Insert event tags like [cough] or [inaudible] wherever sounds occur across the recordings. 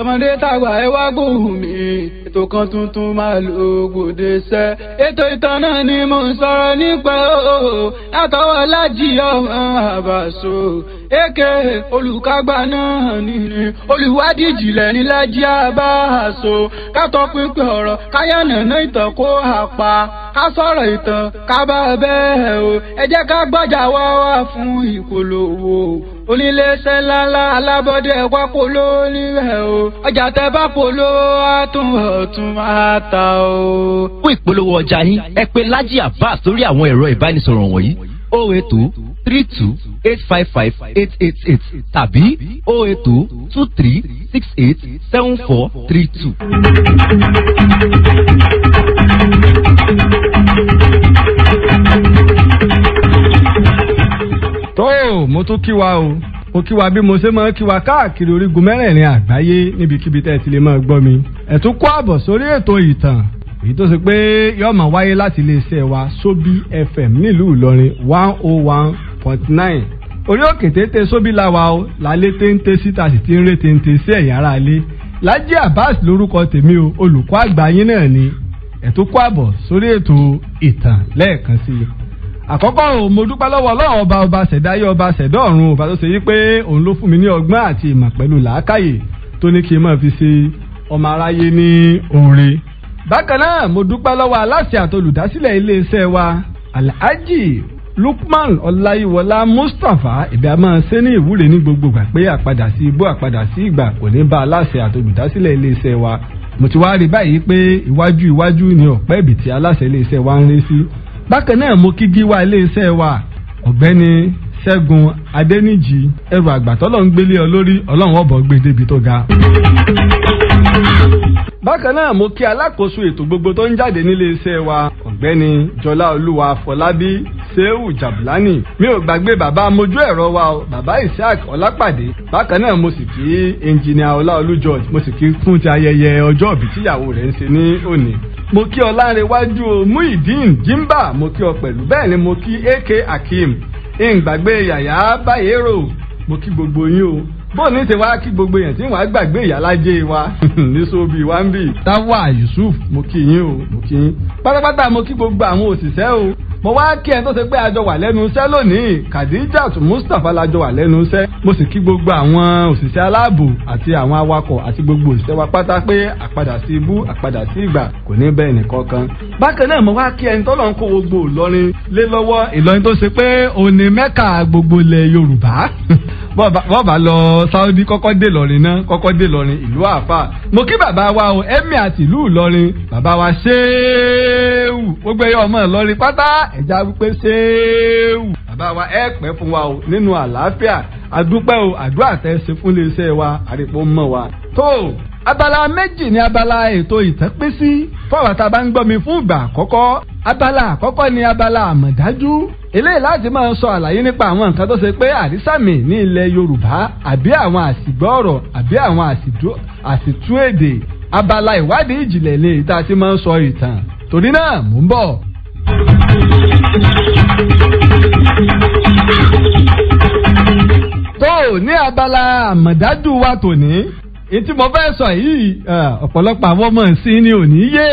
tọmọdé tàgbà ẹ wá gbóhùn mi ètò kan tuntun máa lo gbòde sẹ ètò ìtàn náà ni mò ń sọ̀rọ̀ nípa o látọwọ́ Lájí ọmọ Àbàṣọ èké olùkágbá náà nìyẹn olùwádìí ìjìnlẹ̀ nílẹ̀ jẹ́ àbá àṣọ kátó pínpín ọ̀rọ̀ káyà nàná ìtàn kó àpá ká sọ̀rọ̀ ìtàn ká bá bẹ́ẹ̀ o ẹ jẹ́ ká gbọ́jà wá wá fún ìpolówó oníléeṣẹ́ ńláńlá alábọ́dé ẹ̀wá polo nílẹ̀ o ọjà tẹ bá polo àtún ọ̀tún máa ta o. fún ìpolówó ọjà yín ẹ pè Laji Abbas sórí àwọn ẹ̀rọ ìbánisọ̀rọ̀ wọ̀nyí 082 three two eight five five eight eight eight tàbí o oh eight two two three six eight seven four three two. tó mo tún kí wa o mo kí wa bí mo ṣe máa kí wa káàkiri orígun mẹ́rẹ̀ẹ̀rin àgbáyé níbikíbi tẹ́ ẹ ti lè máa gbọ́ mi ẹ tún kó àbọ̀ sórí ètò ìtàn èyí tó ṣe pé yóò máa wáyé láti iléeṣẹ́ wa Sobi FM nílùú Ìlọrin one oh one Point nine orí òkè téńté sóbí làwà o lálé téńté síta sì ti ń ré téńté sí ẹ̀yìn ara lé Lájí Abbas lórúkọ tèmi o olùkọ́ àgbà yín náà ni ẹ̀tún kó àbọ̀ sórí ètò ìtàn lẹ́ẹ̀kan sí i àkọ́kọ́ o mo dúpẹ́ lọ́wọ́ ọlọ́run ọba ọba ṣẹ̀dáyé ọba ṣẹ̀dọ́ọ̀run ọba tó ṣe yí pé òun ló fún mi ní ọgbọ́n àti ìmọ̀ pẹ̀lú làákàyè tó ní kí n máa fi ṣe ọmọ aráyé ní oore bákan náà mo dúpẹ́ lọ́wọ́ aláṣẹ àtolùdásílẹ̀ iléeṣẹ́ wa Alhaji Lukman Ọláyíwọlá Mustapha ìbí a máa ṣe ní ìwúre ní gbogbo gbà pé àpadà sí ibú àpadà sí ìgbà kò ní bá aláṣẹ àtolùdásílẹ̀ iléeṣẹ́ wa mo ti wá rí báyìí pé iwájú iwájú ni ọ̀pẹ́ ibi tí aláṣẹ iléeṣẹ́ wa ń rí sí bákan náà mo kí gíwá iléeṣẹ́ wa ọ̀gbẹ́ni Ṣẹ́gun Adẹ́nìjì ẹrù àgbàtọ́lọ́ ń gbélé ọ lórí ọlọ́run ọ̀bọ̀ gbé débi tó ga. bákan náà mo kí alákòóso ètò gbogbo tó ń jáde nílé iṣẹ́ wa ọ̀gbẹ́ni jọlá olúwa fọlábí sehu jabulani mi ò gbàgbé bàbá mojú ẹ̀rọ wa o bàbá isaac ọlápàdé bákan náà mo sì kí ẹnjìnìà ọláolú george mo sì kí fún ti ayẹyẹ ọjọ́ òbí tíyàwó rẹ̀ ń ṣe ní òní mo kí ọlárẹ̀wájú o muhyiddin jimba mo kí ọ pẹ̀lú bẹ́ẹ̀ ni mo kí ak akeem ń gbàgbé yàyà báyérò mo kí gbogbo yín o bóun ní tiwa kí gbogbo èèyàn tí wàá gbàgbé ìyálájé wa [laughs] níṣòbí wa ń bì. táwa Yusuf mo kí yín o mo kí yín pátápátá mo kí gbogbo àwọn òṣìṣẹ́ o mo wá kí ẹni tó ṣe pé àjọ wà lẹ́nu iṣẹ́ lónìí Khadijat Mustapha lájọ wà lẹ́nu iṣẹ́ mo sì kí gbogbo àwọn òṣìṣẹ́ aláàbò àti àwọn awakọ̀ àti gbogbo òṣìṣẹ́ wa pátá pé àpadà sí ibú àpadà sí ìgbà kò ní bẹ́ẹ̀ nìkan kan. bákan náà mo wá kí ẹni tó lọ ń kó gbogbo Ìlọrin lé lọ́wọ́ Ìlọrin tó ṣe pé òní mẹ́ka gbogbo ilẹ̀ Yorùbá [laughs] bọ́ọ̀bà lọ Saudi kọ́kọ́ dé lọ́rin náà kọ́kọ́ dé lọ́rin ìlú àfà mo kí bàbá wa o ẹ̀mí àti ìlú ìlọrin bàbá wa ṣéèwù gbogbo ẹ̀yọ́ ọmọ ìlọrin pátá ẹ̀já wípé ṣéèwù bàbá wa ẹ pẹ́ fún wa o nínú àlàáfíà àdúpẹ́ o àdúrà tẹ́ ṣe fún iléeṣẹ́ wa àrèpọ̀ mọ́ wa tó abala méjì ni abala ètò ìtàn pín sí fáwọn tá bá ń gbọ́ mi fún ìgbà àkọ́kọ́ abala àkọ́kọ́ ni abala àmọ̀dájú eléyìí láti máa sọ àlàyé nípa àwọn nǹkan tó ṣe pé àrísàmì ní ilẹ̀ Yorùbá àbí àwọn àsìgbọ́ọ̀rọ̀ àbí àwọn àsìtú èdè abala ìwádìí ìjìnlẹ̀ lè tá a ti máa ń sọ ìtàn torí náà mò ń bọ̀. tó ní abala àmọ̀dájú wa tòní ètí mo fẹ́ sọ yìí ọ̀pọ̀lọpọ̀ àwọn ọmọ ìsìn ni ò ní yé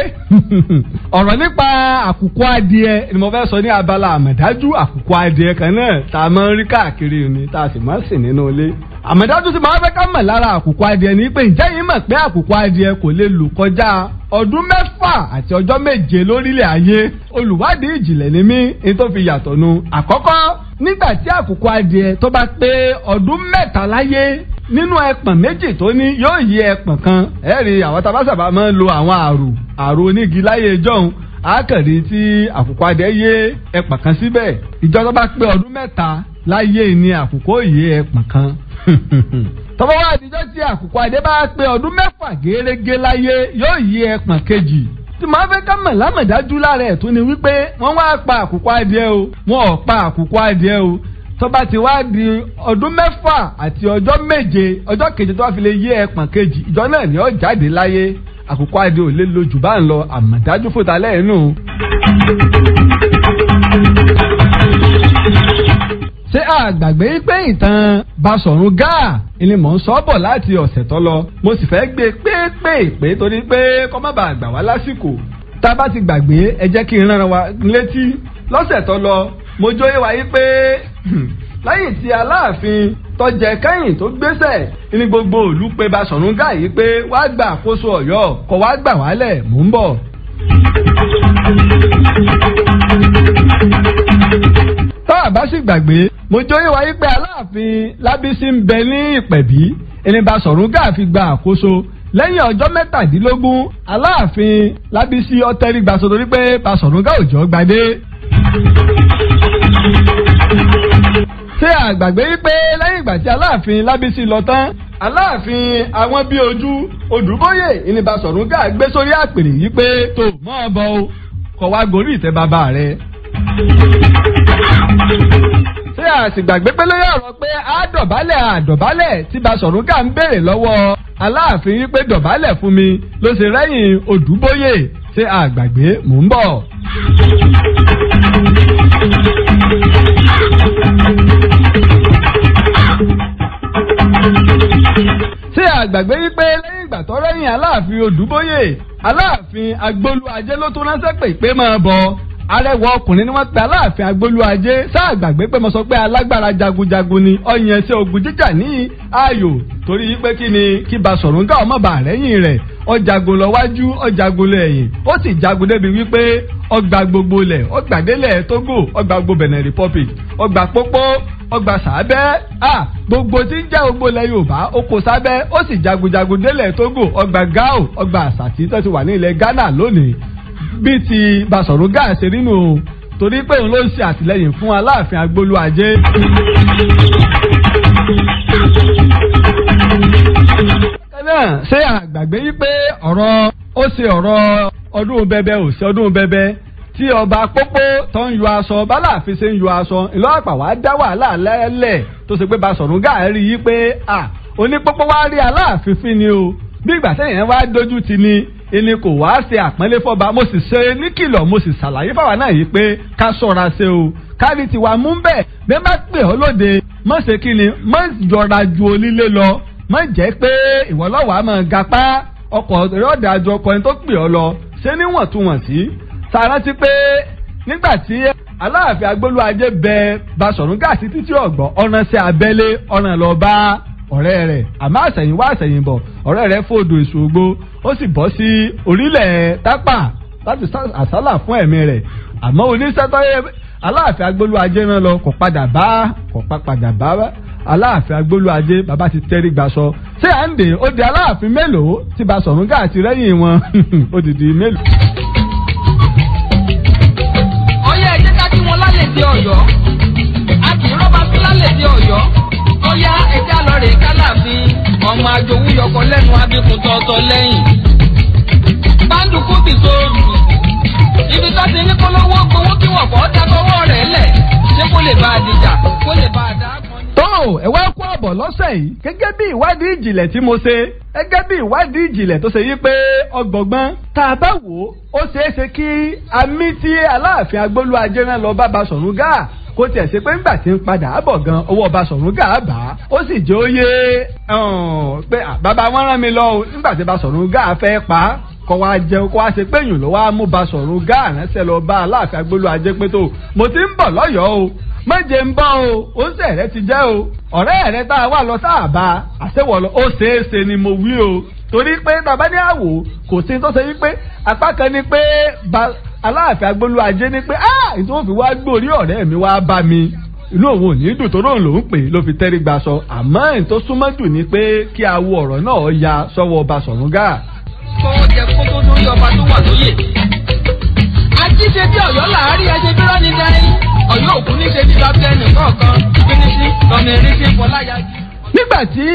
[laughs] ọ̀rọ̀ nípa àkùkọ adìẹ ni mo fẹ́ sọ ní abala àmọ̀dájú àkùkọ adìẹ kan náà tá a máa ń rí káàkiri ni tá a sì máa ń sìn nínú ilé àmọ̀dájú sì máa ń fẹ́ ká mọ̀ lára àkùkọ adìẹ ní pé ǹjẹ́ yìí mọ̀ pé àkùkọ adìẹ kò lè lù kọjá ọdún mẹ́fà àti ọjọ́ méje lórílẹ̀ ayé olùwádìí ìjìnlẹ̀ ni mí ní tó fi yàtọ̀ nu àkọ́kọ́ nígbà tí àkùkọ adìẹ tó bá pé ọdún mẹ́ta láyé nínú ẹpọ̀n méjì tó ní yóò yí ẹpọ̀n kan ẹ rí àwọn tabasaba máa ń lo àwọn àrò àrò onígi láyé jọ̀hún àkàrí tí àkùkọ adé yé ẹpọ̀n kan síbẹ̀ ìjọba bá pé ọdún mẹ́ta láyé ni àkùkọ yé ẹpọ̀n kan [laughs] tọ́wọ́ wá àtijọ́ tí àkùkọ adé bá pé ọdún mẹ́fà gẹ́gẹ́ láyé yóò yí ẹpọ̀n kejì tí màá fẹ́ ká mọ̀ lámọ̀dájú lára ẹ̀ tó ni wípé wọ́n wá pa àkùkọ o wọ́n ò pa àkùkọ o tọ́ba ti wá di ọdún mẹ́fà àti ọjọ́ méje ọjọ́ keje tó wá fi lè yé ẹ̀pọ̀n kejì ìjọ náà ni ó jáde láyé àkókò adé ò lè lo jù bá ń lọ àmọ̀dájú fòtà lẹ́ẹ̀nù. ṣé àgbàgbé pé ìtàn Basọ̀run Gáà ni mò ń sọ bọ̀ láti ọ̀sẹ̀ tó lọ mo sì fẹ́ gbé pépèpé torí pé kọ́ má bàa gbà wá lásìkò tá a bá ti gbàgbé ẹ jẹ́ kí n rán wa létí lọ́sẹ̀ tó lọ mo jóyè wáyé pé hmm, lẹ́yìn tí aláàfin tọjẹ kẹ́yìn tó gbéṣẹ̀ ní gbogbo ìlú pé Baṣọ̀run Gáà pé wàá gbà àkóso Ọ̀yọ́ kó wàá gbà wálẹ̀ mò ń bọ̀. tá a bá sì gbàgbé mo jóyè wáyé pé aláàfin Lábísí ń bẹ ní Ìpẹ̀bí ní Baṣọ̀run Gáà fi gba àkóso lẹ́yìn ọjọ́ mẹ́tàdínlógún aláàfin Lábísí ọtẹ́rí gbaṣọ torí pé Baṣọ̀run Gáà òjò gbadé ṣé àgbàgbé wípé lẹ́yìn ìgbà tí aláàfin lábísí lọ tán aláàfin àwọn bíi ojú odùbóyè ìnìbàsọ̀rùn gà gbé sórí àpèrè wípé tó mọ́ ọ bọ́ ọ kọ́ wá gorí ìtẹ́ bàbá rẹ̀ ṣé àṣìgbàgbé pé lórí ọ̀rọ̀ pé àádọ̀bálẹ̀ àádọ̀bálẹ̀ tí Baṣọ̀run Gáà ń béèrè lọ́wọ́ Aláàfin wípé dọ̀bálẹ̀ fún mi ló ṣe rẹ́yìn Odùbóyè ṣé àgbàgbé mò ń bọ̀. ṣé àgbàgbé wípé lẹ́yìn ìgbà tó rẹ́yìn aláàfin odùbóyè aláàfin agbolúajé ló tún ránṣẹ́ pé pé máa bọ̀ arẹwà ọkùnrin ni wọ́n pe aláàfin agbolúajé ṣáà gbàgbé pé mo sọ pé alágbára jagunjagun ni ọyàn ẹsẹ ogun jíjà ní ayò torí wípé kí ni kí Baṣọ̀run Gáà ọmọ bàa rẹ́yìn rẹ̀ ó jagun lọ wájú ó jagun lọ ẹ̀yìn ó sì jagun débi wípé ó gbogbo lẹ̀ ó gbàdélẹ̀ Togo ó gba gbogbo Benin Republic ó pópó ọgbà sábẹ́ à gbogbo tí ń já gbogbo ilẹ̀ yorùbá ó kó sábẹ́ ó sì jagunjagun délẹ̀ tógò ọgbà gao ọgbà àsàtì tó ti wà ní ilẹ̀ ghana lónìí bíi ti basọ̀rọ̀ gáà ṣe nínú torí pé òun ló ń ṣe àtìlẹyìn fún aláàfin agbolú ajé. náà ṣé àgbàgbé yí pé ọ̀rọ̀ ó ṣe ọ̀rọ̀ ọdún bẹbẹ ò ṣe ọdún bẹbẹ tí ọba pópó tó ń yọ aṣọ bálà fi ṣe ń yọ aṣọ ìlọ́pàá wàá dá wàhálà lẹ́lẹ̀ tó ṣe pé Baṣọ̀run rí i pé à onípópó wá rí Aláàfin ni o bí ìgbà tẹ̀yìn wá dojú ti ni ẹni kò wá ṣe àpọ́nlé fọ́ba mo sì ṣe níkìlọ̀ mo sì ṣàlàyé fáwa náà yìí pé ká ṣọ́ra ṣe o kárí tiwa mú bẹ́ẹ̀ bẹ́ẹ̀ bá pè ọ́ lóde mọ̀ ṣe kí ni mọ̀ jọra ju onílé lọ mọ̀ jẹ́ pé ìwọ́lọ́wọ́ á máa gapá ọkọ̀ rẹ̀ ọ̀dà àjọ ọkọ̀ ẹni tó pè ọ́ lọ ṣé níwọ̀ntúnwọ̀nsí sàrántí pé nígbà tí aláàfin agbóluwájé bẹ Basọ̀rún Gáàsì títí ọ̀gbọ́n ọ̀nà sí abẹ́lé ọ̀nà lọ bá ọ̀rẹ́ rẹ̀ àmọ́ àṣẹ̀yìnwá àṣẹ̀yìnbọ̀ ọ̀rẹ́ rẹ̀ fòdò ìṣògo ó sì bọ́ sí orílẹ̀ tápà láti àsálà fún ẹ̀mí rẹ̀ àmọ́ oníṣẹ́tọ́yẹ aláàfin agbóluwájé náà lọ kò padà bá kò padà bá aláàfin agbóluwájé bàbá ti tẹ́rí gbaṣọ ṣé à ń dè ó di aláàfin mélòó tí Basọ̀rún Gáàsì rẹ́yìn wọn [laughs] ó ti di mélòó. lálẹ́dí ọ̀yọ́ a kì í rọ́bà sí lálẹ́dí ọ̀yọ́ ọ̀yá ẹja lọ́rẹ̀ kálàfin ọmọ àjòwú yọkọ lẹ́nu abíkun tọ́tọ́ lẹ́yìn. báńdùkú bì sóòrù ibi tó ti ní kólówó gbowó kí wọ́n kọ́ dákọ́wọ́ rẹ̀ lẹ̀ ṣé kó lè bá a dìjà kó lè bá a dá. tó ẹ wá kó àbọ̀ lọ́sẹ̀ yìí gẹ́gẹ́ bí ìwádìí ìjìnlẹ̀ tí mo ṣe gẹ́gẹ́ bí ìwádìí ìjìnlẹ̀ tó ṣe yí pé ọgbọ̀gbọ́n tá a bá wò ó ó ṣeé ṣe kí amí tí aláàfin agbólú ajé rán lọ bá Baṣọ̀run Gáà kó tiẹ̀ ṣe pé ńgbà tí ń padà gan owó bá ó sì jẹ́ pé bàbá wọn rán mi lọ o nígbà tí fẹ́ pa á méje ń bọ́ o ó sì ẹ̀rẹ́ ti jẹ́ o ọ̀rẹ́ rẹ tá a wà lọ sáàbà àṣewọ̀lọ́ ó ṣeéṣe ni mo wí o torí pé bàbá ní àwò kò sí tó ṣe wípé apá kan ni pé aláàfin agbolu ajé ni pé ah ìtò òfin wá gbòrí ọ̀rẹ́ mi wá bá mi inú òun ò ní dùn tó lóun lòún pè ló fi tẹ́rí gba sọ àmọ́ èyí tó súnmọ́ jù ni pé kí awo ọ̀rọ̀ náà ya sọ́wọ́ ọba Ṣọ̀rúngà. kó jẹ kó tó lórí ọba tó wà lóye àjíṣe bí Ọ̀yọ́ làárí ẹṣẹ bí rán ni dání ọ̀yọ́ òkun níṣe ti lọ bẹ́ẹ̀ nìkọ̀ọ̀kan fínísì lọ́mọ eré sí fọláyàjì. nígbà tí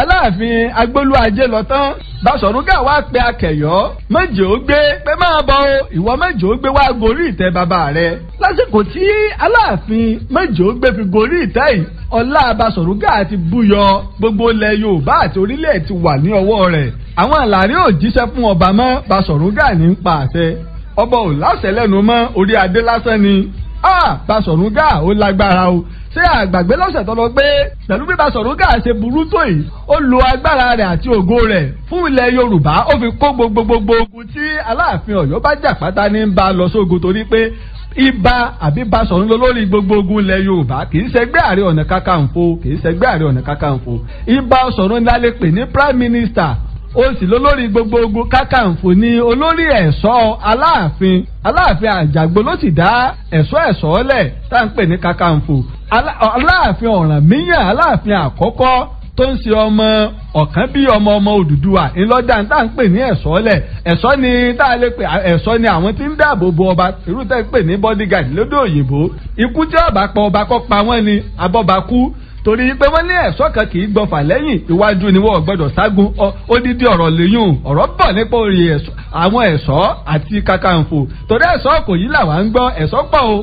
aláàfin agbólúajé lọ tán Baṣọ̀rúngà wá pe akẹ̀yọ́ méje ó gbé pé máa bọ̀ o ìwọ méje ó gbé wá gorí ìtẹ́ bàbá rẹ̀ lásìkò tí aláàfin méje ó gbé fi gorí ìtẹ́ yìí ọlá Baṣọ̀rúngà ti búyọ gbogbo ilẹ̀ Yorùbá àti orílẹ̀ ti wà ní ọwọ́ rẹ̀ àwọn àlàrí ò jíṣẹ́ fún ọba mọ́ Baṣọ̀rúngà ní pa àṣẹ ọba ò láṣẹ lẹ́nu mọ́ orí adé lásán ni ah Basọ̀run Gáà ó lágbára o ṣé àgbàgbé lọ́sẹ̀ tó lọ pé pẹ̀lú bí Basọ̀run Gáà ṣe burú tó yìí ó lo agbára rẹ̀ àti ògo rẹ̀ fún ilẹ̀ Yorùbá ó fi kó gbogbogbogbo ogun tí Aláàfin Ọ̀yọ́ bá jà pátá ní ń ba lọ sógun torí pé ibà àbí Basọ̀run ló lórí gbogbo ogun ilẹ̀ Yorùbá kì í ṣẹgbẹ́ Ààrẹ Ọ̀nà Kakanfò kì í ṣẹgbẹ́ Ààrẹ Ọ̀nà Kakanfò ibà Basọ̀run ni a lè pè ní prime minister ó sì lólórí gbogbo ogun kákàǹfò ní olórí ẹ̀ṣọ́ aláàfin aláàfin àjàgbó ló sì dá ẹ̀ṣọ́ ẹ̀ṣọ́ lẹ̀ tá ń pè ní kákàǹfò aláàfin ọ̀rànmíyàn aláàfin àkọ́kọ́ tó ń ṣe ọmọ ọ̀kan bí ọmọ ọmọ Odùduwà ńlọ́dà tá ń pè ní ẹ̀ṣọ́ lẹ̀ ẹ̀ṣọ́ ni tá a lè pè ẹ̀ṣọ́ ni àwọn tí ń dáàbò bo ọba irú tẹ́ ń pè ní bodyguard lódò òyìnbó ikú tí ọba pa ọba kọ́ pa wọ́n ni abọ́ba kú torí pé wọ́n ní ẹ̀ṣọ́ kan kì í gbọ̀fà lẹ́yìn iwájú ni wọ́n gbọ́dọ̀ ságun odidi ọ̀rọ̀ lẹ́yìn ọ̀rọ̀ bọ̀ nípa orí àwọn ẹ̀ṣọ́ àti kàkàǹfò torí ẹ̀ṣọ́ kò yí làwọn ń gbọ́ ẹ̀ṣọ́ pọ̀ o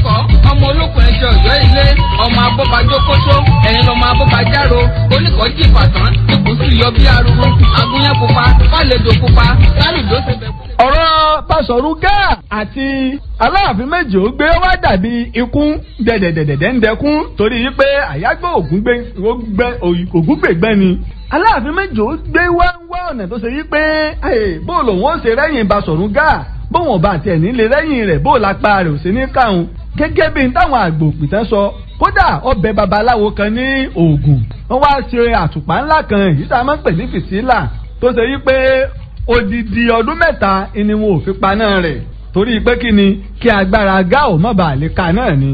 akọ́ ọmọ olókùn ẹ̀ṣẹ̀ ọ̀yọ́ ilé ọmọ abọ́bajó kótó ẹ̀yin lọ́mọ abọ́bajáro oníkọ̀ọ́jì ìbàdàn ìkùsù yọ bí arúgbó agunyẹ́ pupa fàlejò pupa lálùjọ́ sẹ́bẹ̀ pupa ọ̀rọ̀ pásọ̀rù gáà àti aláàfin méje ó gbé wá dàbí ikú dẹ̀dẹ̀dẹ̀dẹ̀ ń dẹkún torí wípé àyágbó ògúngbègbẹ́ ni aláàfin méje ó gbé wá wá ọ̀nà tó ṣe wípé bóòlù òun ó ṣe rẹ́yìn ìbásọ̀rù gáà bóun ọba àti ẹ̀ní rẹ́yìn rẹ̀ bóòlù apá rẹ̀ ò sí ní káwọn gẹ́gẹ́ bí n táwọn àgbò òpìtàn sọ kódà ọbẹ̀ babaláwo kan ní Ògùn wọ́n wá ṣe àtùpà ńlá kan èyí tá a máa ń pè ní fìsílà tó ṣe yí pé odidi ọdún mẹ́ta ni wọn ò fi paná rẹ̀ torí pé kí ni kí agbára gáò má bàa lè ka náà ni.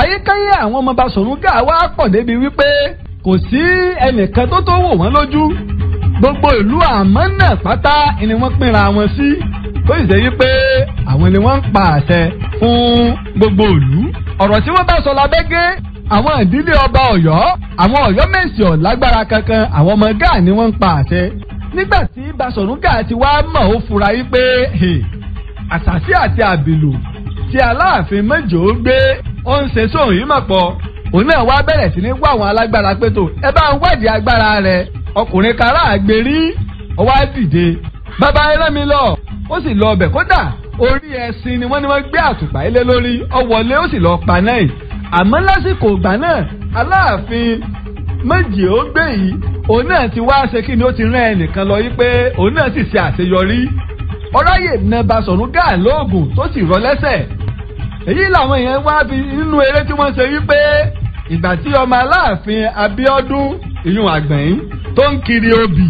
àyíkáyé àwọn ọmọ Baṣọ̀run Gáà wá pọ̀ débi wípé kò sí ẹnìkan tó tó wò wọ́n lójú gbogbo ìlú àmọ́ náà pátá ni wọ́n pínra wọn sí. Si tó sì ṣe wípé àwọn ni wọ́n ń pa àṣẹ fún gbogbo ìlú ọ̀rọ̀ tí wọ́n bá sọ lábẹ́gẹ́ àwọn ìdílé ọba ọ̀yọ́ àwọn ọ̀yọ́ mẹ́sì ò lágbára kankan àwọn ọmọ gáà ni wọ́n ń pa àṣẹ nígbà tí Basọ̀rún Gáà ti wá mọ̀ ó fura yí pé àṣàṣì àti àbìlù tí Aláàfin mẹ́jọ gbé ó ń ṣe sóhun yìí mọ̀ pọ̀ òun náà wá bẹ̀rẹ̀ sí ní wá àwọn alágbára pé tó ẹ bá ń wádìí agbára rẹ ọkùnrin kará àgbèrí ó wá dìde bàbá ẹ lọ ó sì lọ ọbẹ̀ kódà orí ẹṣin ni wọ́n ní wọ́n gbé àtùpà ilé lórí ó wọlé ó sì lọ pa náà yìí àmọ́ lásìkò ìgbà náà aláàfin méjì ó gbé yìí òun náà ti wá ṣe kí ni ó ti rán ẹnìkan lọ yìí pé òun náà sì ṣe àṣeyọrí ọ̀ráyè na Basọ̀rún Gáà lóògùn tó sì rọ lẹ́sẹ̀ èyí làwọn èèyàn wá bí nínú eré tí wọ́n ṣe wípé ìgbà tí ọmọ aláàfin Abíọ́dún ìyún àgbẹ̀yìn tó ń kiri obì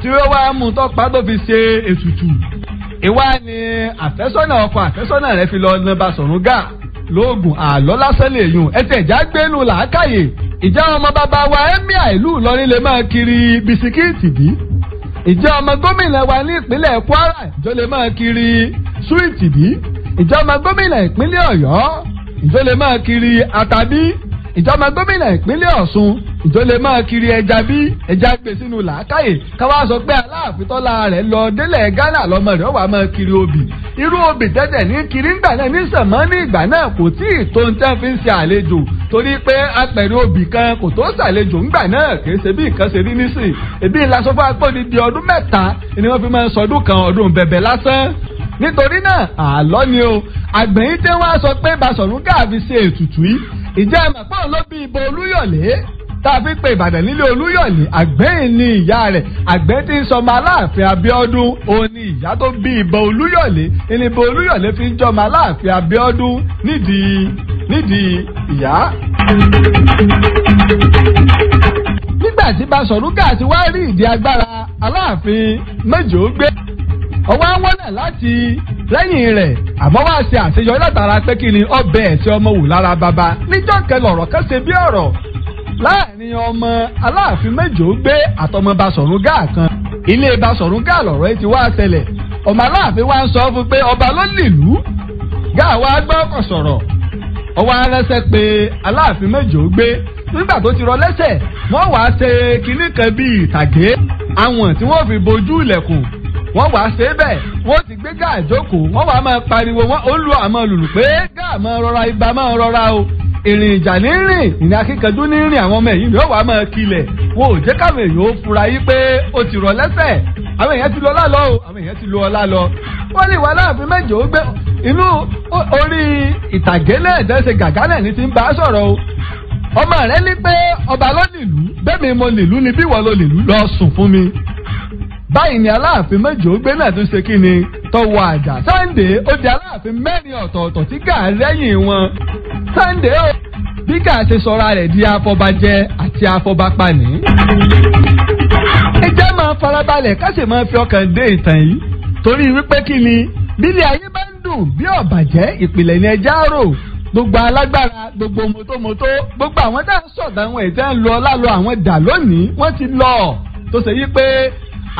tí ó wá mú tọ́pá tó fi ṣe ètùtù ìwá ni àfẹ́sọ́nà ọkọ àfẹ́sọ́nà rẹ fi lọ nàbà sọ̀rùn gà lóògùn àlọ́ lásán lè yùn ẹsẹ̀ ìjà gbénu làákàyè ìjà ọmọ bàbá wa ẹ́míà ìlú Ìlọrin lè máa kiri bisikíìtì bí ìjà ọmọ gómìnà wa ní ìpínlẹ̀ Kwara ìjọ lè máa kiri súwìtì bí ìjà ọmọ gómìnà ìpínlẹ̀ Ọ̀yọ́ ìjọ lè máa kiri àtàbí ìjà ọmọ gómìnà ìpínlẹ̀ Ọ̀ṣun tó lè máa kiri ẹja bí ẹja gbé sínú làákàyè káwá sọ pé aláàfin rẹ̀ lọ délẹ̀ Ghana lọ́mọ rẹ̀ ó máa kiri obì irú obì tẹ́tẹ̀ ní kiri ńgbà náà ní sànmọ́ ní ìgbà náà kò tí ì tó ń tẹ́ fi ń ṣe àlejò torí pé apẹ̀rẹ̀ obì kan kò tó ṣàlejò ńgbà náà kì í ṣe bí nǹkan ṣe rí nísìn èbí ìlasọ́fọ́ agbóni di ọdún mẹ́ta ni wọ́n fi máa ń sọdún kan ọdún bẹ̀bẹ̀ lásán nítorí náà àlọ́ ni o àgbẹ̀yìn tí wọ́n á sọ pé Basọ̀run Gáà ṣe ètùtù yìí ìjẹ́ àmàpá òun ló Olúyọ̀lé tá a fi pe ìbàdàn nílé olúyọ̀lé àgbẹ̀yìn ni ìyá rẹ̀ àgbẹ̀ tí ń sọmọ aláàfin abíọ́dún òun ni ìyá tó bí ìbọn olúyọ̀lé ìnìbọ olúyọ̀lé fi ń jọmọ aláàfin abíọ́dún nídìí nídìí ìyá nígbà tí Baṣọ̀rúgà ti wá rí ìdí agbára Aláàfin méje ó gbé ọwọ́ awọ́nà láti lẹ́yìn rẹ̀ àmọ́ wá ṣe àṣeyọrí látara pé kí ni ọbẹ̀ ẹ̀sìn ọmọ wù lára bàbá níjọ́ kẹlẹ̀ ọ̀rọ̀ kan bí ọ̀rọ̀ láàrin ọmọ aláàfin mẹ́jọ gbé àtọmọ Basọ̀rún Gáà kan ilé Basọ̀rún Gáà lọ̀rọ̀ ẹ ti wá ṣẹlẹ̀ ọmọ aláàfin wa ń sọ fún pé ọba ló nílùú Gáà wa gbọ́ ọkọ̀ sọ̀rọ̀ ọwọ́ aránṣẹ́ pé aláàfin mẹ́jọ gbé nígbà tó ti rọ lẹ́sẹ̀ wọ́n wàá ṣe kinní kan bíi ìtàgé àwọn tí wọ́n fi bojú ilẹ̀kùn wọ́n wàá ṣe é bẹ́ẹ̀ wọ́n ti gbé Gáà jókòó wọ́n wàá máa pariwo wọ́n ó lu àmọ́ lùlù pé Gáà máa rọra ibà máa rọra o ìrìn ìjà ní rìn ìrìn akíkanjú ní rìn àwọn ọmọ ẹ̀yìn yóò wá máa kilẹ̀ wo ò jẹ́ káwọn èèyàn ó fura yí pé ó ti rọ̀ lẹ́sẹ̀ àwọn èèyàn ti lọ ọlá lọ o àwọn èèyàn ti lọ ọlá lọ wọ́n lè wá láàfin mẹ́jọ ó gbé inú orí ìtàgé náà ìdẹ́sẹ̀ gàgá náà ní ti ń bá a sọ̀rọ̀ o ọmọ rẹ ní pé ọba ló nílù bẹ́ẹ̀ mi mo nílù ni bí ìwọ ló nílù lọ sùn fún mi báyìí ni aláàfin mẹ́jọ ó gbé náà tún ṣe kí ni tọwọ́ àjà Sunday ó di aláàfin mẹ́rin ọ̀tọ̀ọ̀tọ̀ tí gàá lẹ́yìn wọn Sunday o bí ká ṣe sọra rẹ̀ di afọbajẹ àti afọbapani. ẹ jẹ́ máa farabalẹ̀ ká sì máa fi ọkàn dé ìtàn yìí torí wípé kí ni bílẹ̀ ayé bá ń dùn bí ọ̀bàjẹ́ ìpìlẹ̀ ni ẹja rò gbogbo alágbára gbogbo mọ́tòmọ́tò gbogbo àwọn tá à ń sọ̀dọ̀ àwọn ẹ̀jẹ̀ ń lọ lálọ́ àwọn dà lónìí wọ́n ti lọ tó ṣe yí pé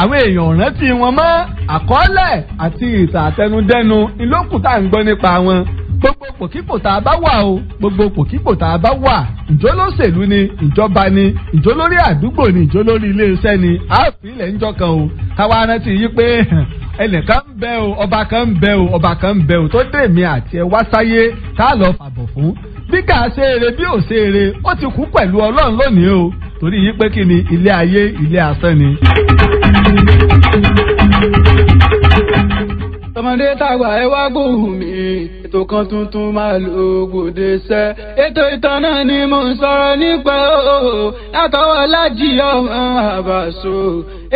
àwọn èèyàn rántí wọn mọ́ àkọọ́lẹ̀ àti ìtàn ìlókùtà ń gbọ́ nípa wọn gbogbo pòkípò tá a bá wà o gbogbo pòkípò tá a bá wà ìjólóṣèlú ni ìjọba ni ìjólórí àdúgbò ni ìjólórí iléeṣẹ́ ni a fi ilẹ̀ ń jọkan o káwa rántí yí pé [laughs] ẹnìkan ń bẹ o ọba kan ń bẹ o ọba kan ń bẹ o tó dé àti ẹ wá sáyé tá a lọ fàbọ̀ fún bí kà á ṣe eré bí ò ṣe eré ó ti kú pẹ̀lú ọlọ́run lónìí o torí yí pé kí ni ilé ayé ilé asán ni tọmọdé tàgbà ẹ wá gbóhùn mi ètò kan tuntun máa lo gbòde sẹ́. ètò ìtàn náà ni mò ń sọ̀rọ̀ nípa ooo látọwọ́ Lájí ọmọ Àbàṣọ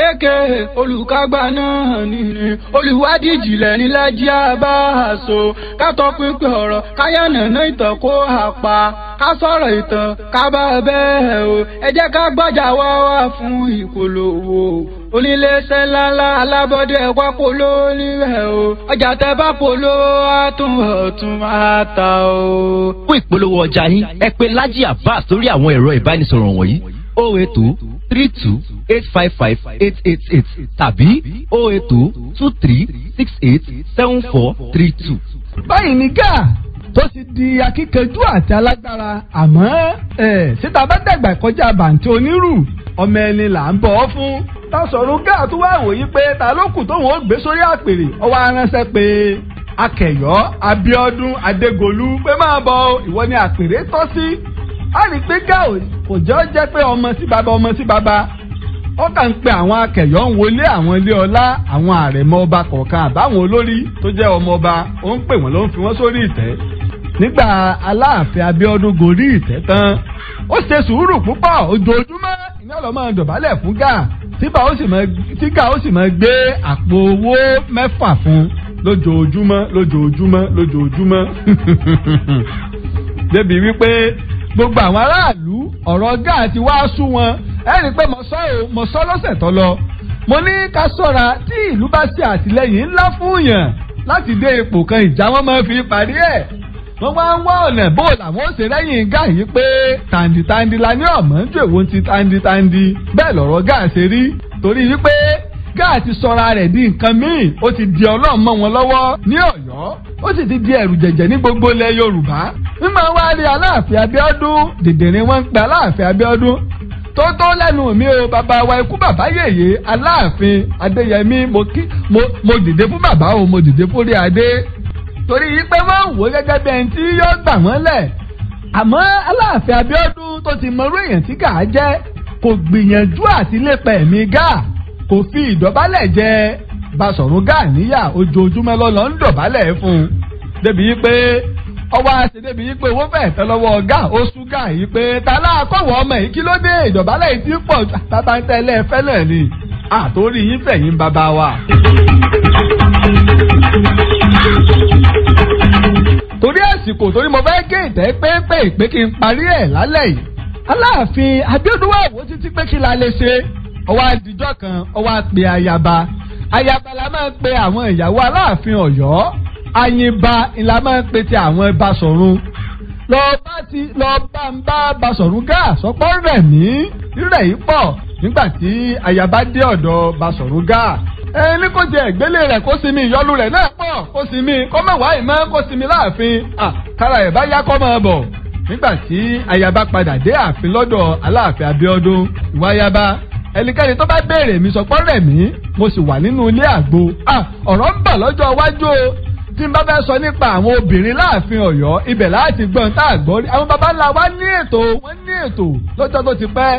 èké olùkágbá náà nìyí olùwádìí ìjìnlẹ̀ ní Lájí Àbàṣọ kátọ́pinpin ọ̀rọ̀ káyánàná ìtàn kó àpá ká sọ̀rọ̀ ìtàn ká bá bẹ́ẹ̀ o ẹ jẹ́ ká gbọ́jà wá wá fún ìpolówó oníléeṣẹ́ ńláńlá alábọ́dé ẹ̀wá polówó níbẹ̀ o ọjà tẹ bá polówó á tún ọ̀ tún máa ta o. fún ìpolówó ọjà yín ẹ pè Laji Abbas lórí àwọn ẹ̀rọ ìbánisọ̀rọ̀ wọ̀nyí oh o eto three two eight five five eight eight eight tàbí oh o eto two three six eight seven four three two. báyìí ní ká tó ti di akíkanjú àti alágbára àmọ́ ẹ̀ síta bá dàgbà kọjá bàǹtí onírù ọmọ ẹni là ń bọ̀ ọ́ fún. tásọ̀rọ̀ gáà tó wá wòye pé ta ló kù tóun ó gbé sórí àpèrè ọwọ́ aránṣẹ́ pé akẹyọ abiodun adegolu pé máa bọ ìwọ ni àpèrè tọ́ sí a rí pé gáò kò jẹ́ jẹ́ pé ọmọ sí baba ọmọ sí baba ó kàn ń pe àwọn akẹyọ ń wọlé àwọn ilé ọlá àwọn àrẹ̀mọ ọba kọ̀ọ̀kan àbáwọn olórí tó jẹ́ ọmọ ọba ó ń pè wọ́n ló ń fi wọ́n sórí ìtẹ́ nígbà aláàfin abiodun gorí ìtẹ́ tán ó ṣe sùúrù púpọ̀ ojoojúmọ́ ìní ọlọ́mọ dọ̀bálẹ̀ fún gáà síbà ó sì mọ gbé àpò owó mẹ́fà fún un lójoojúmọ́ lójoojúmọ́ lójoojúmọ́ [laughs] débi wípé gbogbo àwọn aráàlú ọ̀rọ̀ gáà ti wá sú wọn ẹ rí i pé mo sọ lọ́sẹ̀ tó lọ mo ní ká ṣọ́ra tí ìlú bá ṣe àtìlẹ́yìn ńlá fún yàn láti dé ipò kan ìjà wọn máa fi parí ẹ̀ wọ́n wá ń wá ọ̀nà bó làwọn ó ṣe lẹ́yìn gáà yìí pé tàǹdìtàǹdì la ní ọ̀mọ́ ń jò ti tàǹdìtàǹdì bẹ́ẹ̀ lọ̀rọ̀ gáà ṣe rí torí wípé ká àti sọra rẹ̀ di nǹkan míì ó ti di ọlọ́run mọ́ wọn lọ́wọ́ ní ọ̀yọ́ ó sì ti di ẹ̀rù jẹ̀jẹ̀ ní gbogbo ilẹ̀ yorùbá mímọ wá rí aláàfin abíọ́dún dèdèrè wọn ń pe aláàfin abíọ́dún tó tó lẹ́nu mi o bàbá wa ikú bàbá yèyé aláàfin adéyẹmí mo kí mo dìde fún bàbá o mo dìde fún rí adé torí yìí pé wọ́n wò gẹ́gẹ́ bí ẹni tí yóò gbà wọ́n lẹ̀ àmọ́ aláàfin abíọ́dún tó ti mọrú èèyàn tí gàá jẹ́ kò gbìyànjú àti lépa ẹ̀mí gáà kò fi ìdọ̀bálẹ̀ jẹ Basọ̀run Ganiya ojoojúmọ́ lọ́lọ́ ń dọ̀bálẹ̀ fún un débi pé ọwọ́ àti débi yìí pé owó fẹ́ẹ̀ tẹ́ lọ́wọ́ ọ̀gá oṣù gà yìí pé ta láàkọ̀wọ́ ọmọ yìí kí ló dé ìdọ̀bálẹ̀ yìí ti pọ̀ ju bàbá ń tẹ́lẹ̀ ẹ̀fẹ́ náà ni àtórí yín fẹ̀yìn bàbá wa. torí àsìkò torí mo fẹ́ gé ìtẹ́ pépè pé kí n parí ẹ̀ lálẹ́ yìí Aláàfin Abíọ́dún wà wò títí pé kí la lè ṣe ọwọ́ àdìjọ́ kan ọwọ́ àpè ayaba ayaba la máa ń pe àwọn ìyàwó aláàfin ọ̀yọ́ àyìnbá la máa ń pe ti àwọn Basọ̀run lọ bá ti lọ bá ń bá Basọ̀run gá sọpọ́ rẹ̀ mí rírẹ̀ yìí pọ̀ nígbà tí ayaba dé ọ̀dọ̀ Basọ̀run gá ẹni kò jẹ ìgbélé rẹ kó sinmi ìyọnu rẹ náà pọ̀ kó sinmi kó má wá ìmọ̀ kó sinmi láàfin kára ẹ̀ bá yá kó máa bọ̀ nígbà tí ayaba padà dé ààfin lọ́dọ̀ aláàfin Abíọ́dún ìwà ayaba ẹnikẹ́ni tó bá béèrè mi sọpọ́ rẹ̀ mí mo sì wà nínú ilé àgbo ọ̀rọ̀ ń bọ̀ lọ́jọ́ iwájú o tí n bá fẹ́ sọ nípa àwọn obìnrin láàfin ọ̀yọ́ ibẹ̀ láti gbọ́n tá a gbọ́ rí àwọn baba ńlá wa ní ètò wọ́n ní ètò lọ́jọ́ tó ti pẹ́.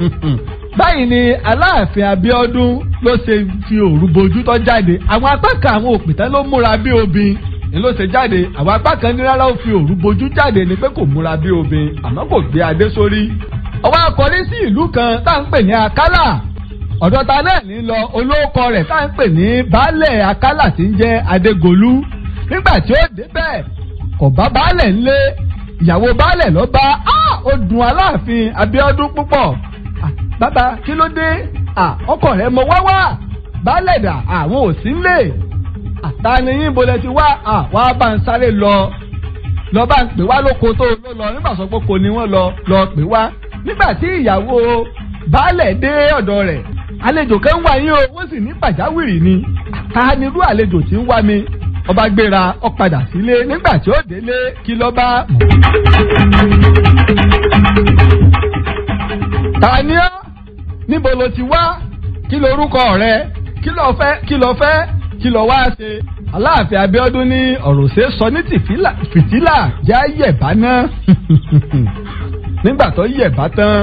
[laughs] báyìí ni aláàfin Abíọ́dún ló ṣe fi òru bojú tó jáde àwọn apá kan àwọn òpìtẹ́ ló múra bí obìnrin ló ṣe jáde àwọn apá kan ní rárá ó fi òru bojú jáde ni pé kò múra bí obe àmọ́ kò gbé adé sórí. ọwọ́ akọrí sí ìlú kan tá ń pè ní akálà ọ̀dọ̀ ta náà ní lọ olóòkọ rẹ̀ tá ń pè ní baálẹ̀ akálà tí ń jẹ́ adégolú nígbà tí ó débẹ̀ kò bá baálẹ̀ ńlé ìyàwó baálẹ̀ ló bá ó dùn aláàfin abíọ́dún púpọ̀ bàbá kí ló dé ọkọ rẹ̀ mọ wá wá baálẹ̀ dà àwọn ò sí ńlé tani yín bolẹ̀ ti wá wá bá ń sáré lọ lọ bá ń pè wá lóko tó ló lọ nígbà sọ pé kò ní wọ́n lọ lọ pè wá nígbà tí ìyàwó baálẹ̀ dé ọ̀dọ̀ rẹ̀ àlejò kan wá yín o wọ́n sì ní pàjáwìrì ni ta ni irú àlejò tí ń wá mi ọba gbéra ó padà sílé nígbà tí ó délé kí ló bá. ta ni ọ́ níbo lo ti wá kí lorúkọ rẹ kí lo fẹ́ kí lo fẹ́ kí lọ wá ṣe. aláàfin abíọ́dún ní ọ̀rọ̀ ṣe sọ ní fìtílà já yẹ̀bá náà [laughs] nígbà tó yẹ̀bá tán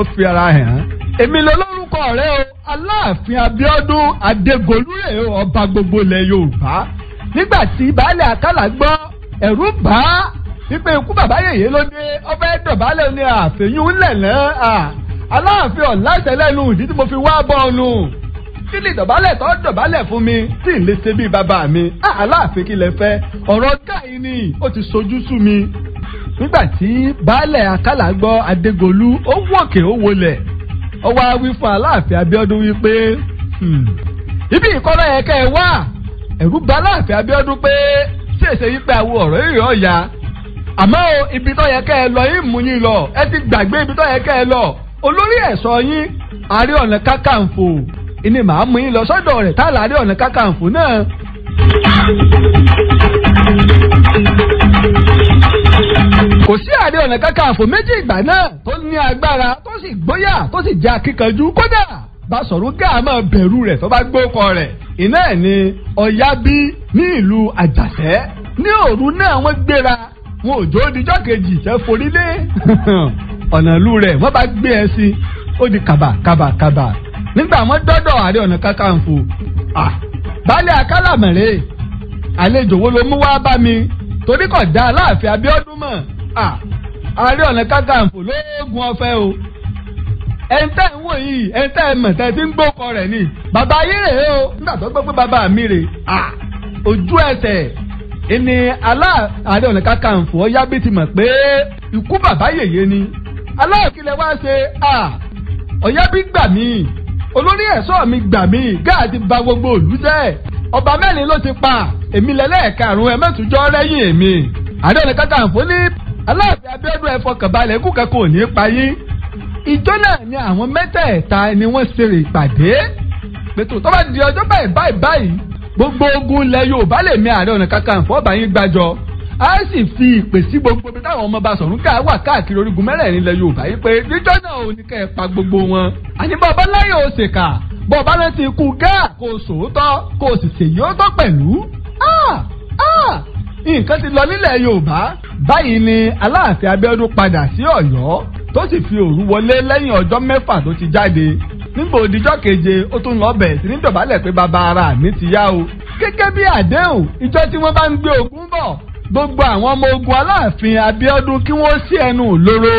ó fi ara hàn án. èmi lolórúkọ rẹ o aláàfin abíọ́dún adégolúrè ọba gbogbo ilẹ̀ yorùbá nígbà tí baálé àkàlà gbọ́ ẹ̀rù bà á wípé ikú bàbá yèyé ló dé ọbẹ̀ dọ̀bálẹ̀ ní àfẹ́yún ńlẹ̀ náà aláàfin ọ̀làṣẹ́lẹ̀ nù ìdí tí mo fi wá bọ́ ọ nù tí lè dọ̀bálẹ̀ tó dọ̀bálẹ̀ fún mi tí n lè ṣe bí bàbá mi aláàfin kí lẹ fẹ́ ọ̀rọ̀ káyìí ni ó ti sojú sú mi. nígbà tí baálẹ̀ akálà gbọ́ adégolú ó wọ̀kè ó wọlẹ̀ ó wá wí fún aláàfin abíọ́dún wípé hmm, ibi ìkọ́rọ̀ yẹn kẹ́ ẹ wá ẹ̀rù bà aláàfin abíọ́dún pé ṣèṣe wípé àwọn ọ̀rọ̀ ìrìn ọ̀yà àmọ́ ibi tó yẹ kẹ́ ẹ lọ yín mú yín lọ ẹ ti gbàgbé ibi tó yẹ kẹ́ ẹ lọ olórí ẹ̀ṣọ́ yín àárẹ̀ ọ̀nà kákàǹfò ni màá mú yín lọ sọ́dọ̀ rẹ̀ tá àlàáre ọ̀nà kákàǹfò náà. kò sí ààrẹ ọ̀nà kákàǹfò méjì ìgbà náà tó ní agbára tó sì gbóyà tó sì jẹ́ akíkanjú kódà Baṣọ̀rún Gáà máa bẹ̀rù rẹ̀ tó bá gbókọ rẹ̀ iná ẹ̀ ni Ọ̀yábí ní ìlú Àjàṣẹ́ ní òru náà wọ́n gbéra wọn ò jó odijọ́ kejì ṣe forí lé [laughs] ọ̀nà ìlú rẹ̀ wọ́n bá gbé ẹ sí ó di kàbà kàbà kàbà nígbà wọn dọ́dọ̀ Ààrẹ Ọ̀nà Kakanfò baálé akálàmọ̀rẹ́ àlejò wo ló mú wá bá mi torí kò dá Aláàfin Abíọ́dún mọ̀ Ààrẹ Ọ̀nà Kakanfò lóògùn ọ̀fẹ́ o ẹ̀ńtẹ́ ń wò yìí ẹ̀ńtẹ́ ẹ̀ mọ̀ tẹ́ ti ń gbókọ rẹ̀ ni bàbá yìí rèé o nígbà tó gbọ́ pé bàbá mi rèé ojú ẹsẹ̀ ẹni Ààrẹ Ọ̀nà Kakanfò ọ̀yá bí ti mọ̀ pé ikú bàbá yèyé ni aláàkílẹ̀ wá ṣe ọ̀yá bí gbà míì olórí ẹ̀ṣọ́ mi gbà mí gáà ti ba gbogbo òlú jẹ́ ọba mẹ́rin ló ti pa èmi lẹ́lẹ́ẹ̀karùn-ún ẹ mẹ́tùjọ́ rẹ́yìn èmi àdéhùn kàkàǹfò ní aláàbẹ̀ abẹ́ọ́dún ẹ̀fọ́ kàbalẹ̀ kú kankan ò ní pa yín ìjọ náà ni àwọn mẹ́tẹ̀ẹ̀ta ni wọ́n ṣeré ìpàdé pẹ̀tù tó bá di ọjọ́ báyìí báyìí báyìí gbogbo ogun ilẹ̀ Yorùbá lè mi Ààrẹ Ọ̀nà Kakanfò ọba yín gbàjọ a sì fi ìpè sí gbogbo ibi táwọn ọmọ bá sọ̀rùn ká wà káàkiri orígun mẹ́rẹ̀ẹ̀rin ilẹ̀ yorùbá yìí pé níjọ́ náà ò ní kẹ́ ẹ̀ pa gbogbo wọn. àní bàbá láyé ò ṣèkà bàbá náà ti kú gáà kó o sòótọ́ kó o sì ṣèyí ó tọ́ pẹ̀lú. nǹkan ti lọ nílẹ̀ yorùbá báyìí ni aláàfin abíọ́dún padà sí ọ̀yọ́ tó sì fi òru wọlé lẹ́yìn ọjọ́ mẹ́fà tó ti jáde nígbà òdìjọ́ keje ó tún lọ bẹ̀rẹ̀ sí ní dọ̀bálẹ̀ pé bàbá ara mi ti yá o gẹ́gẹ́ bí àdéhùn ìjọ tí wọ́n bá ń gbé ogun bọ̀ gbogbo àwọn ọmọ ogun aláàfin Abíọ́dún kí wọ́n sí ẹnu lóró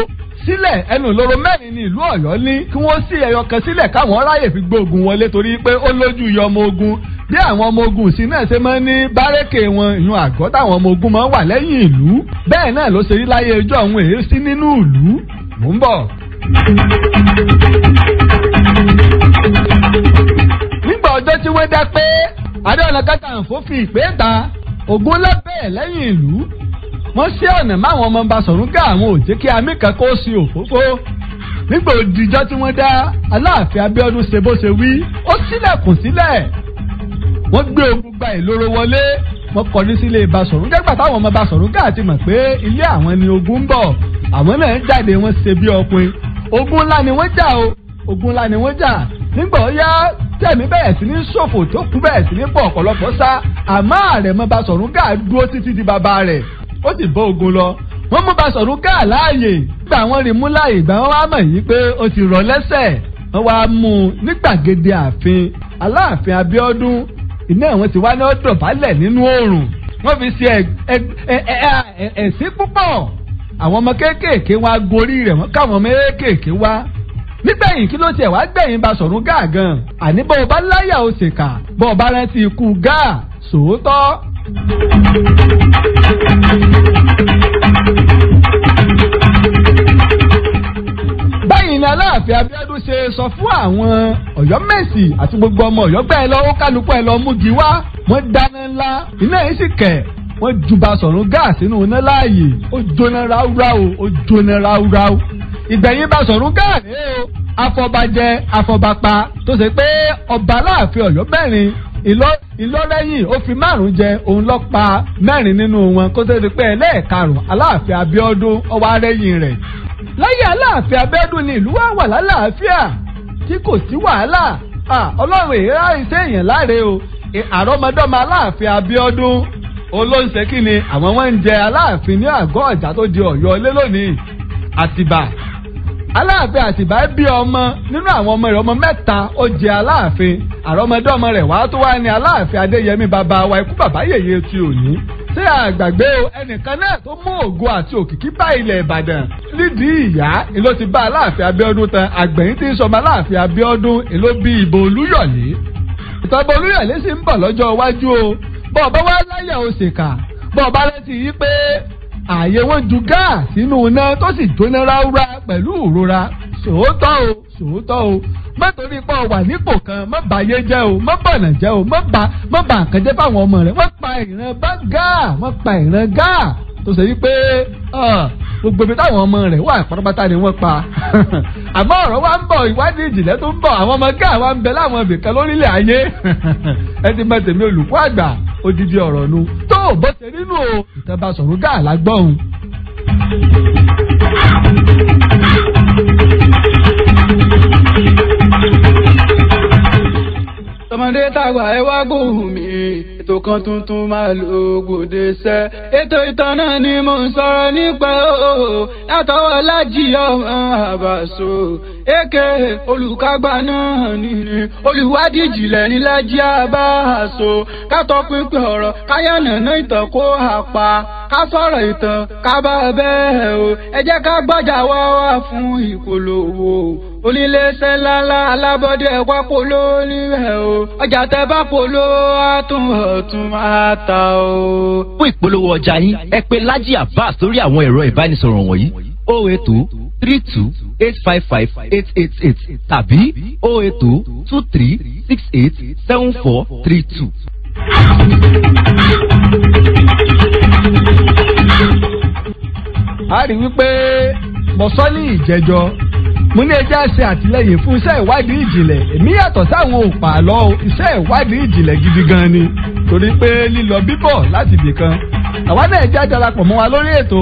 sílẹ̀ ẹnu lóró mẹ́rin ní ìlú Ọ̀yọ́ ní kí wọ́n sí ẹyọ kan sílẹ̀ káwọn ráyè fi gbógun wọlé torí pé ó lójú iye ọmọ ogun bí àwọn ọmọ ogun sí náà ṣe máa ń ní bárẹ́kè wọn ìyún àgọ́ táwọn ọmọ ogun máa ń wà lẹ́yìn ìlú bẹ́ẹ̀ náà ló ṣe rí láyé ẹjọ́ àwọn èyí sí nínú ìlú mò ń bọ̀. nígbà ọjọ́ tí wọ́n dá pé Adéọ̀nà Kakanfò fi ìpè ta ògùn lábẹ́ lẹ́yìn ìlú wọ́n ṣe ọ̀nà máwọn ọmọ Basọ̀rún ká àwọn òjé kí amí kan kó sí òfófó nígbà òdìjọ́ tí wọ́n dá Aláàfin Abíọ́dún ṣe bó ṣe wí ó sílẹ̀kùn sílẹ̀ wọ́n gbé ogun gba ìloro wọlé wọ́n kọjú sílé Basọ̀rún gẹ́gbà táwọn ọmọ Basọ̀rún ká àti mọ̀ pé ilé àwọn ni ogun ń bọ̀ àwọn náà jáde wọ́n ṣe bí ọkùnrin ogun ńlá ni wọ́n jà o ogun ńlá ni wọ́n jà nígbà ó yá tẹ̀mí bẹ̀rẹ̀ sí ní ṣòfò tó kú bẹ̀rẹ̀ sí ní bọ̀ ọ̀pọ̀lọpọ̀ sá àmọ́ àrẹ̀mọ Basọ̀rún Gáà dúró títí di bàbá rẹ̀ ó sì bọ́ ogun lọ wọ́n mú Basọ̀rún Gáà láàyè gbà wọ́n rí mú láàyè gbà wọ́n wá mọ̀ yìí pé ó ti rọ̀ lẹ́sẹ̀ wọ́n wá mú un ní gbàgede ààfin aláàfin Abíọ́dún iná àwọn ti wá ní ọ̀dọ̀ balẹ̀ nínú oòrùn wọ́n fi ṣe ẹ̀sìn púpọ̀ àwọn ọmọ kéékèèké wá gorí rẹ̀ wọ́n káwọn ọmọ kéékèèké wá nígbẹ̀yìn kí ló tiẹ̀ wá gbẹ̀yìn bá sọ̀rùn gáà gan àní bọ́ ọba láyà ó sì kà bọ́ ọba rántí ikú gáà sòótọ́. báyìí ni aláàfin Abíọ́dún ṣe sọ fún àwọn Ọ̀yọ́mèsì àti gbogbo ọmọ Ọ̀yọ́ gbẹ ẹ lọ ó kálukú ẹ lọ múgi wá wọ́n dáná ńlá iná yìí sì kẹ̀ wọ́n ju Basọ̀rún gáà sínú iná láàyè ó jóná ráúráú ó jóná ráúráú ìgbẹ̀yìn bá sọ̀rọ̀ gáàrí o afọbajẹ afọbapa tó ṣe pé ọba láàfin Ọ̀yọ́ mẹ́rin ìlọlẹ́yìn ó fi márùn jẹ òun lọ pa mẹ́rin nínú wọn kó tó ṣe pé ẹlẹ́ẹ̀karùn aláàfin Abíọ́dún ọwọ́ arẹ́yìn rẹ̀ láyé aláàfin Abíọ́dún ni ìlú wa wà lálàáfíà tí kò sí wàhálà Ọlọ́run ìhà iṣẹ́ èèyàn láre o àrọ́mọdọ́mọ aláàfin Abíọ́dún olóńṣe kí ni àwọn wọn ń jẹ aláàfin ní àgọ́ ọ̀jà tó di Ọ̀yọ́ lé lónìí Àtìbà aláàfin àtìbá bí ọmọ nínú àwọn ọmọ rẹ̀ ọmọ mẹ́ta ó jẹ aláàfin àrọ́mọdọ́mọ rẹ̀ wàá tó wá ní aláàfin adéyẹmí bàbá wa ikú bàbá yèyé ti òní ṣé àgbàgbé ẹnìkan náà tó mú ògo àti òkìkí bá ilẹ̀ ìbàdàn nídìí ìyá ìló ti bá aláàfin abíọ́dún tan àgbẹ̀yìn tí ń sọmọ aláàfin abíọ́dún ìló bí ìbò olúyọ̀lé ìtọ́bọ̀ olúyọ̀lé sì ń bọ̀ lọ́jọ́ iwájú o bọ́ọ̀ bá wá láyà òṣèkà bọ́ọ̀ bá ààyè wọn ju gáàsì inú iná tó sì jóná ráúrá pẹ̀lú ìrora sòótọ́ o sòótọ́ o mọ́tòrí pọ̀ wà nípò kan mọ́ bàyé jẹ́ o mọ́ bọ̀nà jẹ́ o mọ́ bà mọ́ bà àkànjẹ́ fáwọn ọmọ rẹ̀ wọ́n pa ìran bá gáà wọ́n pa ìran gáà tó ṣe wípé gbogbo ibi táwọn ọmọ rẹ̀ wà pátápátá ni wọ́n pa [laughs] àmọ́ ọ̀rọ̀ wa ń bọ̀ ìwádìí ìjìnlẹ̀ tó ń bọ̀ àwọn ọmọ gáà wa ń bẹ láwọn ibìkan lórílẹ̀ ayé [laughs] ẹ ti mọ tèmi olùkọ́ àgbà odidi ọ̀rọ̀ nu tó bó ṣe nínú o ìtàn bá sọ̀rọ̀ gáà lágbọ́n. tọmọdé tàgbà ẹ wá gbóhùn mi ètò kan tuntun máa lo gbòde sẹ́. ètò ìtọ́nà ni mò ń sọ̀rọ̀ nípa ooo látọwọ́ Lájí ọmọ Àbàṣọ èké olùkágbá náà nìyí olùwádìí jìnlẹ̀ ní Lájí Àbàṣọ kátọ́pinpin ọ̀rọ̀ káyọ̀nàná ìtàn kó àpá ká sọ̀rọ̀ ìtàn ká bá bẹ́ẹ̀ o ẹ jẹ́ ká gbọ́jàwọ́ wá fún ìpolówó oníléeṣẹ́ ńláńlá alábọ́dé ẹ̀wá polówó níbẹ̀ o ọjà tẹ bá polówó á tún hàn tún máa ta o. fún ìpolówó ọjà yín ẹ pè Laji Abbas lórí àwọn ẹ̀rọ ìbánisọ̀rọ̀ wọ̀nyí oh o ètò three two eight five five eight eight eight tàbí oh o ètò two three six eight seven four three two. a rí wípé mo sọ ní ìjẹjọ mo ní ẹjẹ́ ṣe àtìlẹ́yìn fún iṣẹ́ ìwádìí ìjìnlẹ̀ èmi yàtọ̀ sáwọn òpàlọ́ iṣẹ́ ìwádìí ìjìnlẹ̀ gidi gan ni torí pé lílọ bíbọ̀ láti ibì kan àwa náà ẹja darapọ̀ mọ́ wa lórí ètò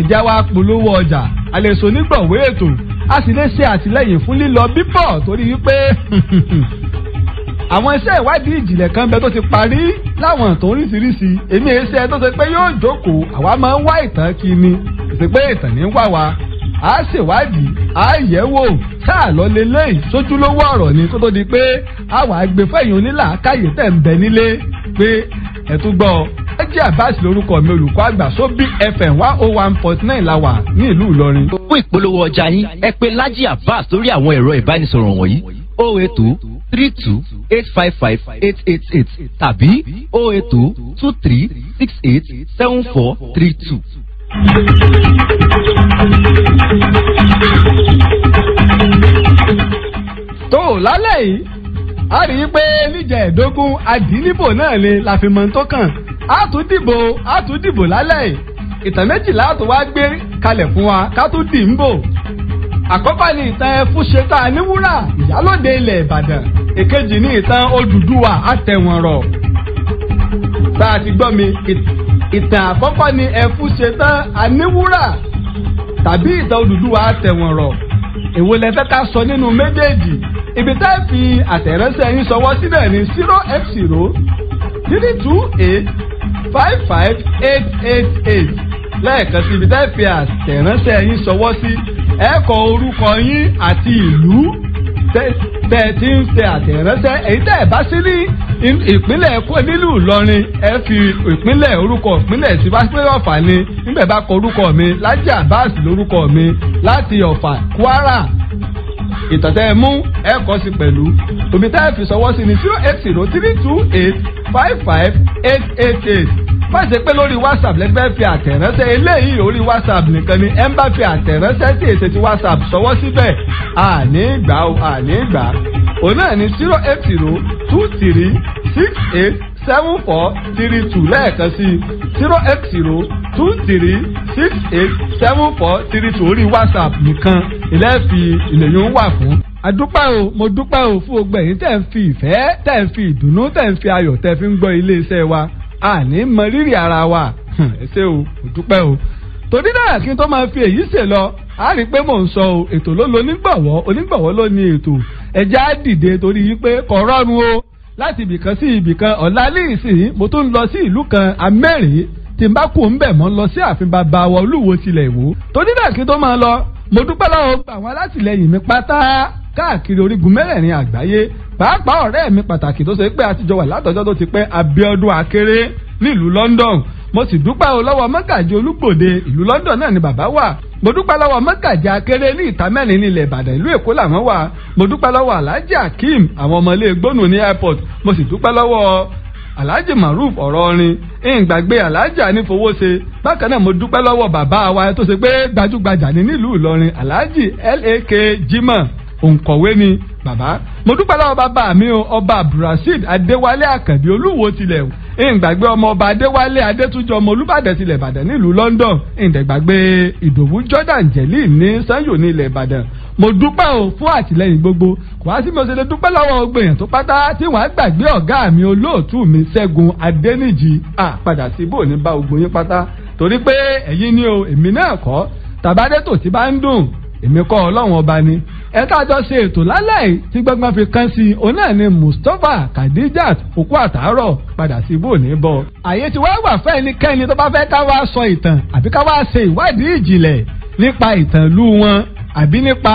ẹja wa polówó ọjà a lè so nígbọ̀wé ètò a sì lè ṣe àtìlẹ́yìn fún lílọ bíbọ̀ torí wípé [laughs] àwọn iṣẹ́ ìwádìí ìjìnlẹ̀ kan bẹ tó ti parí láwọn tó oríṣiríṣi èmi èsì ẹ tó ṣe pé yóò jókòó àwa máa ń wá ìtàn kí ni ìṣèpé ìtàn ní wà wá a ṣèwádìí a yẹ̀ wò tá a lọ lé lẹ́yìn sójúlówó ọ̀rọ̀ ni kó tó di pé a wà á gbé fẹ́yìn onílàákàyè tẹ̀ ń bẹ nílé pé ẹ̀ tún gbọ́ Alhaji Abbas lórúkọ mi olùkọ́ àgbà sóbí FM one o oh one point nine la wà ní ìlú Ìlọrin. fún ìpolówó ọjà yín ẹ pè Alhaji Abbas lórí àwọn ẹ̀rọ ìbánisọ̀rọ̀ wọ̀nyí o oh eight two three two eight five five eight eight eight tàbí o oh eight two two three six eight seven four three two tó lálẹ́ yìí a rí i pé níjà ẹ̀ẹ́dógún àdínníbò náà ni la fi mọ̀ tó kàn á tún dìbò á tún dìbò lálẹ́ yìí ìtàn méjìlá tó wá gbé kalẹ̀ fún wa ká tún dì ń bò àkọ́kọ́ ni ìtàn fúnṣetá níwúrà ìyálòde ilẹ̀ ìbàdàn èkejì ni ìtàn odùduwà àtẹ̀wọ̀nrọ̀ tá a ti gbọ́ mi ìtàn àkọ́kọ́ ni ẹ̀fú ṣetán àníwúrà tàbí ìtàn Odùduwà àtẹ̀wọ̀nrọ̀ èwo lẹ fẹ́ ká sọ nínú méjèèjì ibi tá ẹ fi àtẹ̀ránṣẹ́ yín ṣọwọ́ sílẹ̀ ní zero eight zero three two eight five five eight eight eight lẹ́ẹ̀kan sí ibi tá ẹ fi àtẹ̀ránṣẹ́ yín ṣọwọ́ sí ẹ orúkọ yín àti ìlú bẹ́ẹ̀ ti ń tẹ àtẹ̀rẹ́sẹ́ èyí tẹ́ ẹ̀ bá sí ní ìpínlẹ̀ nílùú Ìlọrin ẹ fi ìpínlẹ̀ orúkọ ìpínlẹ̀ sí wáṣípẹ́ Ọ̀fà ni níbẹ̀ bá kọ orúkọ mi Lájí Abbas lórúkọ mi láti Ọ̀fà Kwara ìtọ̀tẹ̀ mú ẹ kọ́ sí pẹ̀lú omi tá ẹ fi sọwọ́ sí ni zero eight zero three two eight five five eight eight eight má ṣe pé lórí whatsapp lẹ́nu fẹ́ fi àtẹ̀ránṣẹ́ eléyìí orí whatsapp nìkan ni ẹ̀ ń bá fi àtẹ̀ránṣẹ́ tí èsè ti whatsapp sọwọ́ síbẹ̀ àní ìgbà o àní ìgbà òun náà ni zero eight zero two three six eight seven four three two lẹ́ẹ̀kan sí zero eight zero two three six eight seven four three two orí whatsapp nìkan ilẹ̀ fi ìlẹ̀yìn wà fún àdúpẹ́ o mo dúpẹ́ o fún ogbẹ̀yìn tẹ̀ ń fi ìfẹ́ tẹ̀ ń fi ìdùnnú tẹ̀ ń fi ayọ̀ tẹ̀ fi ń gbọ́ ilé iṣẹ́ wa a mọ rírì ara wa ẹ ṣé o dúpẹ́ o torí náà kí n tó máa fi èyí ṣe lọ a rí i pé mò ń sọ o ètò ló lo onígbọ̀wọ́ onígbọ̀wọ́ ló ní ètò ẹja á dìde torí yìí pé kò rọrùn o láti ibìkan sí ibìkan ọ̀la líìsì mo tún lọ sí ìlú kan amẹ́rìn tí n bá kú ń bẹ̀ mọ́ lọ sí ààfin bàbá wa olúwo tilẹ̀ ìwò torí náà kí n tó máa lọ mo dúpẹ́ lọ́wọ́ gbà wọn alátìlẹyìn mi pátá káàkiri orígun mẹ́rẹ̀ẹ̀rin àgbáyé pàápàá ọ̀rẹ́ mi pàtàkì tó ṣe pé àtijọ́ wà látọjọ́ tó ti pẹ́ Abíọ́dún Akéré nílùú London mo sì dúpẹ́ o lọ́wọ́ mọ́gàjì olúgbòde ìlú London náà ni bàbá wà mo dúpẹ́ lọ́wọ́ mọ́gàjì akere ní ìta mẹ́rin ní ilẹ̀ Ìbàdàn ìlú Èkó làwọn wà mo dúpẹ́ lọ́wọ́ Alhaji Akeem àwọn ọmọlé gbónú ní airport mo sì dúpẹ́ lọ́wọ́ Alhaji Maruf ọ̀rọ̀ orin ìgbàgbé Alhaji anífowóṣe bákan náà mo dúpẹ́ lọ́wọ́ bàbá wa tó ṣe pé gbajúgbajà ní nílùú Ìlọrin Alhaji LAK Jimoh òǹkọ̀wé ni bàbá mo dúpẹ́ lọ́wọ́ bàbá mi o ọba abdulrasheed adéwálé àkàndé olúwo tilẹ̀ ìgbàgbé ọmọ ọba adéwálé adétúnjọ ọmọ olúbàdàn tilẹ̀ ìbàdàn nílùú london ìdẹ̀gbàgbé ìdòwú jordan jelly ní sanyo ní ilẹ̀ ìbàdàn mo dúpẹ́ o fún àtìlẹyìn gbogbo kò wá sí mi ò ṣe lè dúpẹ́ lọ́wọ́ gbèyàn tó pátá tí wọ́n á gbàgbé ọ̀gá mi olóòtú mi ṣẹ́gun adéníjì àpadà síbò ní bá ogun yín pátá torí pé ẹ̀yin ni o èmi náà kọ́ tàbádẹ́tò tí bá ń dùn èmi kọ́ ọlọ́run ọba ni ẹ̀ka àjọ ṣe ètò lálẹ́ tí gbọ́ngbọ́n fi kán sí i òun náà ni Mustapha Khadijat òkú àtàárọ̀ padà sí ibò ní bọ̀. àyè tí wọ́n wà fẹ́ ẹnikẹ́ni tó bá fẹ́ ká wá sọ ìtàn àbí ká wá ṣe ìwádìí ìjìnlẹ̀ nípa ìtàn ìlú wọn àbí nípa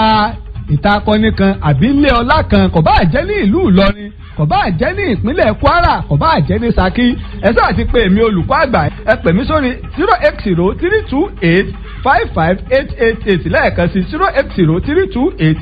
ìta akọni kan àbí ilé ọlá kan kò bá jẹ́ ní ìlú Ìlọrin kò bá jẹ́ ní ìpínlẹ̀ Kwara kò bá jẹ́ ní Ṣakí ẹ sáà ti pè mí olùkọ́ àgbà ẹ pè mí sórí zero eight zero three two eight five five eight eight eight lẹ́ẹ̀kan sí zero eight zero three two eight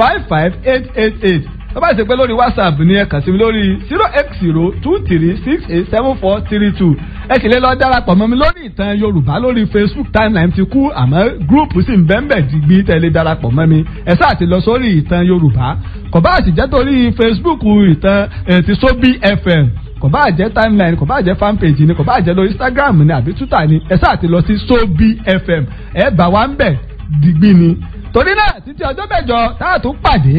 five five eight eight eight tó bá ṣe pé lórí whatsapp ni ẹ kàn sí mi lórí zero eight zero two three six eight seven four three two ẹ sì lè lọ darapọ̀ mọ́ mi lórí ìtàn yorùbá lórí facebook timeline ti kú àmọ́ gúrùpù sì ń bẹ́ẹ̀nbẹ́ẹ̀ digbí tẹ̀lé darapọ̀ mọ́ mi ẹ sáà ti lọ sórí ìtàn yorùbá kò bá sì torí facebook ìtàn eh, ti sobi fm kò bá jẹ́ timeline kò bá jẹ́ fanpage ni kò bá jẹ́ lọ Instagram ni àbí Twitter ni ẹ sáà ti lọ sí Sobi FM ẹ bá wa ń bẹ̀ digbí ni. torí náà títí ọjọ́ mẹ́jọ tá a tún pàdé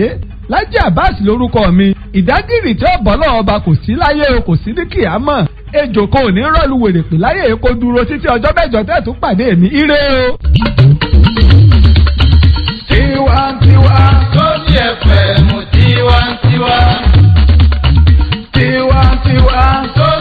Lájí Abbas lórúkọ mi ìdágìrì tí ọ̀bọ̀ náà ọba kò sí láyé o kò sí ní kìámọ̀ ejò kò ní rọ́ọ̀lù wèrè láyé kó dúró títí ọjọ́ mẹ́jọ tẹ́ pàdé mi ire o. tiwantiwa tó ti ẹ̀fẹ̀ mu tiwantiwa. you are. so.